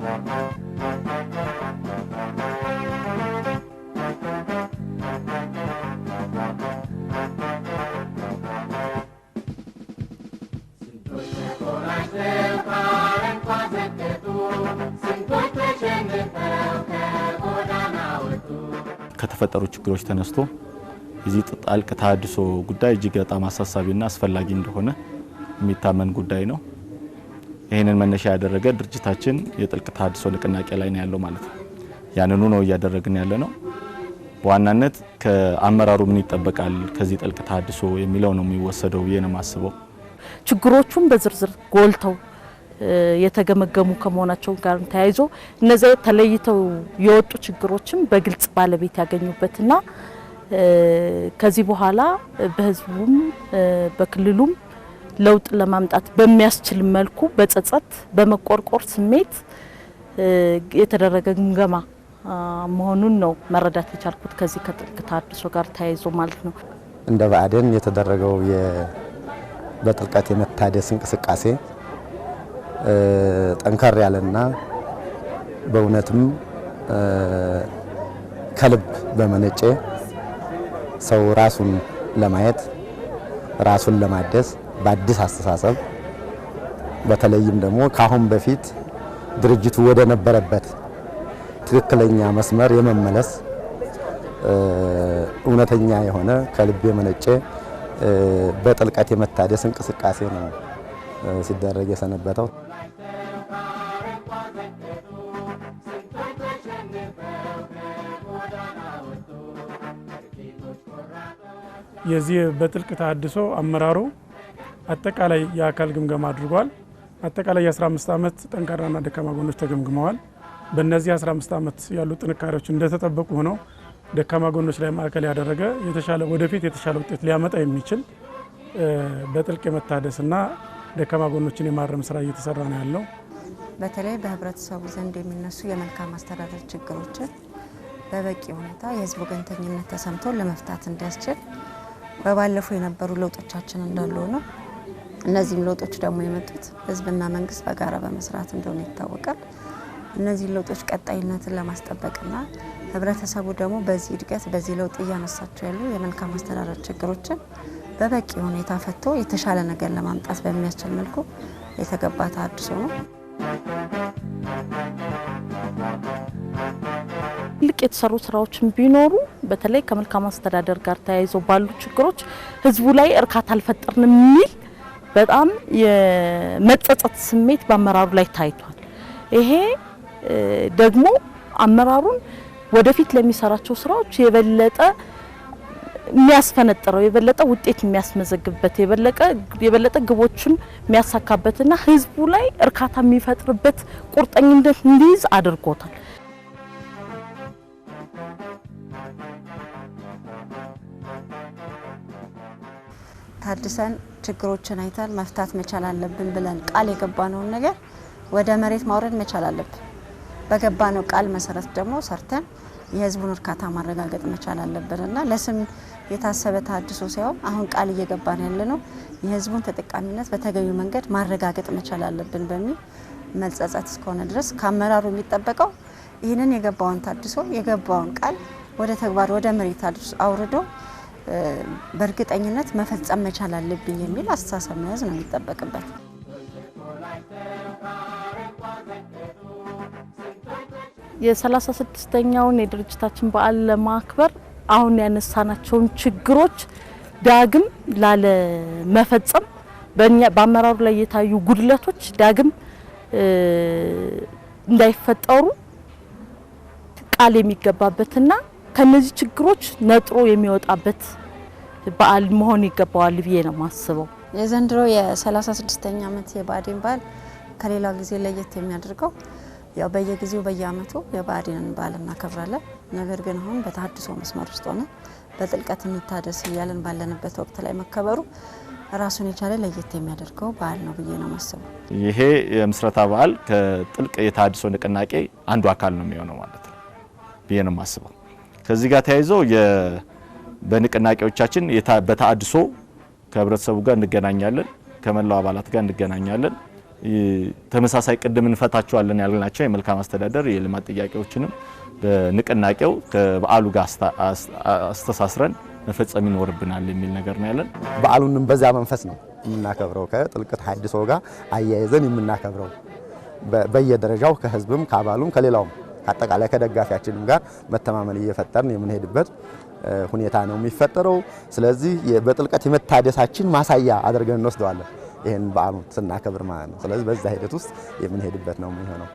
ከተፈጠሩ ችግሮች ተነስቶ የዚህ ጣልቅ ተሃድሶ ጉዳይ እጅግ በጣም አሳሳቢና አስፈላጊ እንደሆነ የሚታመን ጉዳይ ነው። ይህንን መነሻ ያደረገ ድርጅታችን የጥልቅ ተሃድሶ ንቅናቄ ላይ ነው ያለው ማለት ነው። ያንኑ ነው እያደረግን ያለ ነው። በዋናነት ከአመራሩ ምን ይጠበቃል ከዚህ ጥልቅ ተሃድሶ የሚለው ነው የሚወሰደው ብዬ ነው የማስበው። ችግሮቹም በዝርዝር ጎልተው የተገመገሙ ከመሆናቸው ጋር ተያይዞ እነዚያ ተለይተው የወጡ ችግሮችም በግልጽ ባለቤት ያገኙበትና ከዚህ በኋላ በህዝቡም በክልሉም ለውጥ ለማምጣት በሚያስችል መልኩ በጸጸት በመቆርቆር ስሜት የተደረገ ግምገማ መሆኑን ነው መረዳት የቻልኩት ከዚህ ከተሃድሶ ጋር ተያይዞ ማለት ነው። እንደ ብአዴን የተደረገው በጥልቀት የመታደስ እንቅስቃሴ ጠንከር ያለና በእውነትም ከልብ በመነጨ ሰው ራሱን ለማየት ራሱን ለማደስ በአዲስ አስተሳሰብ በተለይም ደግሞ ከአሁን በፊት ድርጅቱ ወደ ነበረበት ትክክለኛ መስመር የመመለስ እውነተኛ የሆነ ከልብ የመነጨ በጥልቀት የመታደስ እንቅስቃሴ ነው ሲደረግ የሰነበተው። የዚህ በጥልቅ ተሃድሶ አመራሩ አጠቃላይ የአካል ግምገማ አድርጓል። አጠቃላይ የ15 ዓመት ጠንካራና ደካማ ጎኖች ተገምግመዋል። በእነዚህ 15 ዓመት ያሉ ጥንካሬዎች እንደተጠበቁ ሆነው ደካማ ጎኖች ላይ ማዕከል ያደረገ የተሻለ ወደፊት የተሻለ ውጤት ሊያመጣ የሚችል በጥልቅ የመታደስና ደካማ ጎኖችን የማረም ስራ እየተሰራ ነው ያለው። በተለይ በህብረተሰቡ ዘንድ የሚነሱ የመልካም አስተዳደር ችግሮችን በበቂ ሁኔታ የህዝብ ወገንተኝነት ተሰምቶ ለመፍታት እንዲያስችል በባለፉ የነበሩ ለውጦቻችን እንዳሉ ነው እነዚህም ለውጦች ደግሞ የመጡት ህዝብና መንግስት በጋራ በመስራት እንደሆነ ይታወቃል። እነዚህ ለውጦች ቀጣይነትን ለማስጠበቅና ህብረተሰቡ ደግሞ በዚህ እድገት በዚህ ለውጥ እያነሳቸው ያሉ የመልካም አስተዳደር ችግሮችን በበቂ ሁኔታ ፈቶ የተሻለ ነገር ለማምጣት በሚያስችል መልኩ የተገባ ተሃድሶ ነው። ትልቅ የተሰሩ ስራዎችን ቢኖሩ በተለይ ከመልካም አስተዳደር ጋር ተያይዘው ባሉ ችግሮች ህዝቡ ላይ እርካታ አልፈጠርንም የሚል በጣም የመጸጸት ስሜት በአመራሩ ላይ ታይቷል። ይሄ ደግሞ አመራሩን ወደፊት ለሚሰራቸው ስራዎች የበለጠ የሚያስፈነጥረው የበለጠ ውጤት የሚያስመዘግብበት የበለጠ ግቦችን የሚያሳካበትና ህዝቡ ላይ እርካታ የሚፈጥርበት ቁርጠኝነት እንዲይዝ አድርጎታል። ታድሰን ችግሮችን አይተን መፍታት መቻል አለብን ብለን ቃል የገባነውን ነገር ወደ መሬት ማውረድ መቻል አለብን። በገባነው ቃል መሰረት ደግሞ ሰርተን የህዝቡን እርካታ ማረጋገጥ መቻል አለብን እና ለስም የታሰበ ተሃድሶ ሳይሆን አሁን ቃል እየገባን ያለ ነው የህዝቡን ተጠቃሚነት በተገቢው መንገድ ማረጋገጥ መቻል አለብን በሚል መጸጸት እስከሆነ ድረስ ከአመራሩ የሚጠበቀው ይህንን የገባውን ታድሶ የገባውን ቃል ወደ ተግባር ወደ መሬት አውርዶ በእርግጠኝነት መፈጸም መቻል አለብኝ የሚል አስተሳሰብ መያዝ ነው የሚጠበቅበት። የሰላሳ ስድስተኛውን የድርጅታችን በዓል ለማክበር አሁን ያነሳናቸውን ችግሮች ዳግም ላለመፈጸም በአመራሩ ላይ የታዩ ጉድለቶች ዳግም እንዳይፈጠሩ ቃል የሚገባበትና ከነዚህ ችግሮች ነጥሮ የሚወጣበት በዓል መሆን ይገባዋል ብዬ ነው የማስበው። የዘንድሮ የ36ኛ ዓመት የብአዴን በዓል ከሌላው ጊዜ ለየት የሚያደርገው ያው በየጊዜው በየአመቱ የብአዴንን በዓል እናከብራለን። ነገር ግን አሁን በተሀድሶ መስመር ውስጥ ሆነ በጥልቀት እንታደስ እያለን ባለንበት ወቅት ላይ መከበሩ ራሱን የቻለ ለየት የሚያደርገው በዓል ነው ብዬ ነው የማስበው። ይሄ የምስረታ በዓል ከጥልቅ የተሀድሶ ንቅናቄ አንዱ አካል ነው የሚሆነው ማለት ነው ብዬ ነው ማስበው። ከዚህ ጋር ተያይዞ በንቅናቄዎቻችን በተአድሶ ከህብረተሰቡ ጋር እንገናኛለን፣ ከመላው አባላት ጋር እንገናኛለን። ተመሳሳይ ቅድም እንፈታቸዋለን ያልናቸው የመልካም አስተዳደር የልማት ጥያቄዎችንም በንቅናቄው ከበዓሉ ጋር አስተሳስረን መፈጸም ይኖርብናል የሚል ነገር ነው ያለን። በዓሉንም በዛ መንፈስ ነው የምናከብረው። ከጥልቅ ተሐድሶ ጋር አያይዘን የምናከብረው በየደረጃው ከህዝብም ከአባሉም ከሌላውም ከአጠቃላይ ከደጋፊያችንም ጋር መተማመን እየፈጠርን የምንሄድበት ሁኔታ ነው የሚፈጠረው። ስለዚህ በጥልቀት የመታደሳችን ማሳያ አድርገን እንወስደዋለን ይህን በዓሉን ስናከብር ማለት ነው። ስለዚህ በዛ ሂደት ውስጥ የምንሄድበት ነው የሚሆነው።